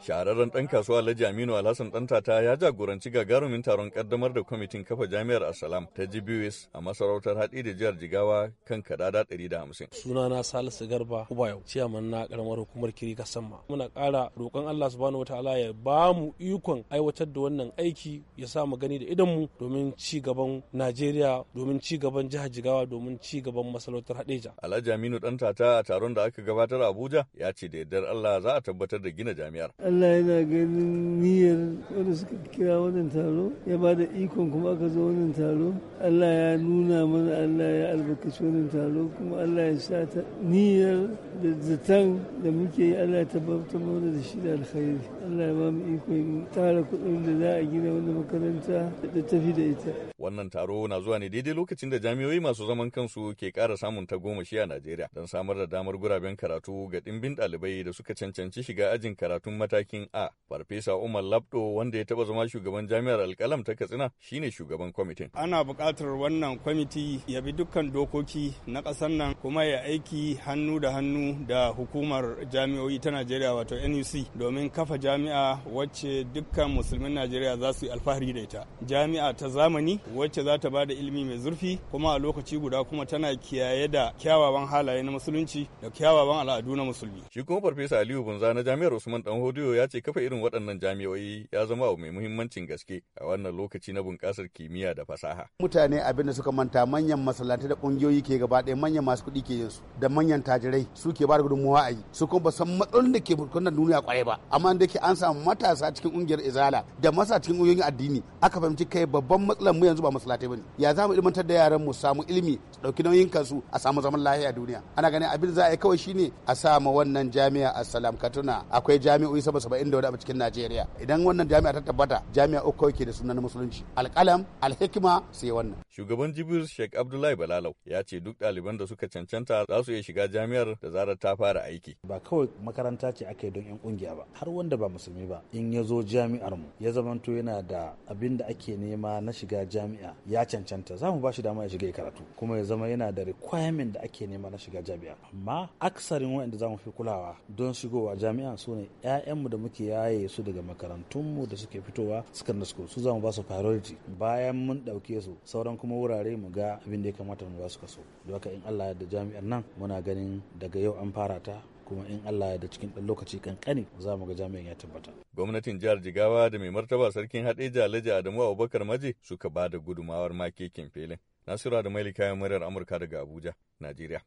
Shahararren ɗan kasuwa Alhaji Aminu Alhassan Ɗantata ya jagoranci gagarumin taron ƙaddamar da kwamitin kafa jami'ar asalam ta GBS a masarautar haɗi da jihar Jigawa kan kadada 150. na Salisu Garba Kubayau, ciyaman na ƙaramar hukumar Kiri sama Muna ƙara roƙon Allah subhanahu wataala ya ba mu ikon aiwatar da wannan aiki ya sa mu gani da idonmu domin ci gaban Najeriya, domin ci gaban jihar Jigawa, domin ci gaban masarautar Haɗeja. Alhaji Aminu ɗan jagoranta a taron da aka gabatar a Abuja ya ce da yardar Allah za a tabbatar da gina jami'ar. Allah yana ganin niyyar wanda suka kira wannan taro ya ba da ikon kuma aka zo wannan taro. Allah ya nuna mana Allah ya albarkaci wannan taro kuma Allah ya sa ta niyyar da zaton da muke yi Allah ya tabbatar mana da shi da alkhairi. Allah ya ba mu ikon tara kuɗin da za a gina wannan makaranta da tafi da ita. Wannan taro na zuwa ne daidai lokacin da jami'oi masu zaman kansu ke kara samun tagomashi a Najeriya don kan samar da damar guraben karatu ga ɗimbin ɗalibai da suka cancanci shiga ajin karatun matakin A. Farfesa Umar Labdo wanda ya taɓa zama shugaban jami'ar alƙalam ta Katsina shine shugaban kwamitin. Ana buƙatar wannan kwamiti ya bi dukkan dokoki na ƙasar nan kuma ya aiki hannu da hannu da hukumar jami'o'i ta Najeriya wato NUC domin kafa jami'a wacce dukkan musulmin Najeriya za su yi alfahari da ita. Jami'a ta zamani wacce za ta ba da ilimi mai zurfi kuma a lokaci guda kuma tana kiyaye da kyawawan halaye na musulunci da kyawawan al'adu na musulmi. Shi kuma Farfesa Aliyu Bunza na Jami'ar Usman dan Hodiyo ya ce kafa irin waɗannan jami'o'i ya zama abu mai muhimmancin gaske a wannan lokaci na bunƙasar kimiyya da fasaha. Mutane abin da suka manta manyan masallatai da ƙungiyoyi ke gaba ɗaya manyan masu kuɗi ke yin su da manyan tajirai su ke ba da gudunmuwa a yi su kuma ba san matsalolin da ke fuskantar duniya ƙwaye ba amma da ke an samu matasa cikin ƙungiyar izala da masa cikin ƙungiyoyin addini aka fahimci kai babban matsalar mu yanzu ba masallatai ne ya zamu ilmantar da yaran mu samu ilimi su ɗauki nauyin kansu a samu zaman lahiya duniya ana ana ganin abin za a yi kawai shine a sa ma wannan jami'a a salam katuna akwai jami'o'i sama saba'in da wani a cikin najeriya idan wannan jami'a ta tabbata jami'a uku ke da sunan musulunci alƙalam alhikima sai wannan shugaban jibir sheikh abdullahi balalau ya ce duk ɗaliban da suka cancanta za su iya shiga jami'ar da zarar ta fara aiki ba kawai makaranta ce aka yi don yan kungiya ba har wanda ba musulmi ba in ya zo jami'ar mu ya zamanto yana da abin da ake nema na shiga jami'a ya cancanta za mu ba shi dama ya shiga karatu kuma ya zama yana da requirement da ake nema na shiga jami'a jami'a amma aksarin waɗanda za mu fi kulawa don shigowa jami'a su ne 'ya'yanmu da muke yaye su daga makarantunmu da suke fitowa sukan school su za mu ba su priority bayan mun ɗauke su sauran kuma wurare mu ga abin da ya kamata mu ba su kaso don haka in Allah da jami'ar nan muna ganin daga yau an fara ta kuma in Allah ya da cikin ɗan lokaci kankani za mu ga jami'an ya tabbata. Gwamnatin jihar Jigawa da mai martaba sarkin Hadeja Alhaji Adamu Abubakar Maje suka ba da gudumawar makekin filin. Nasiru da Maili kayan muryar Amurka daga Abuja, Najeriya.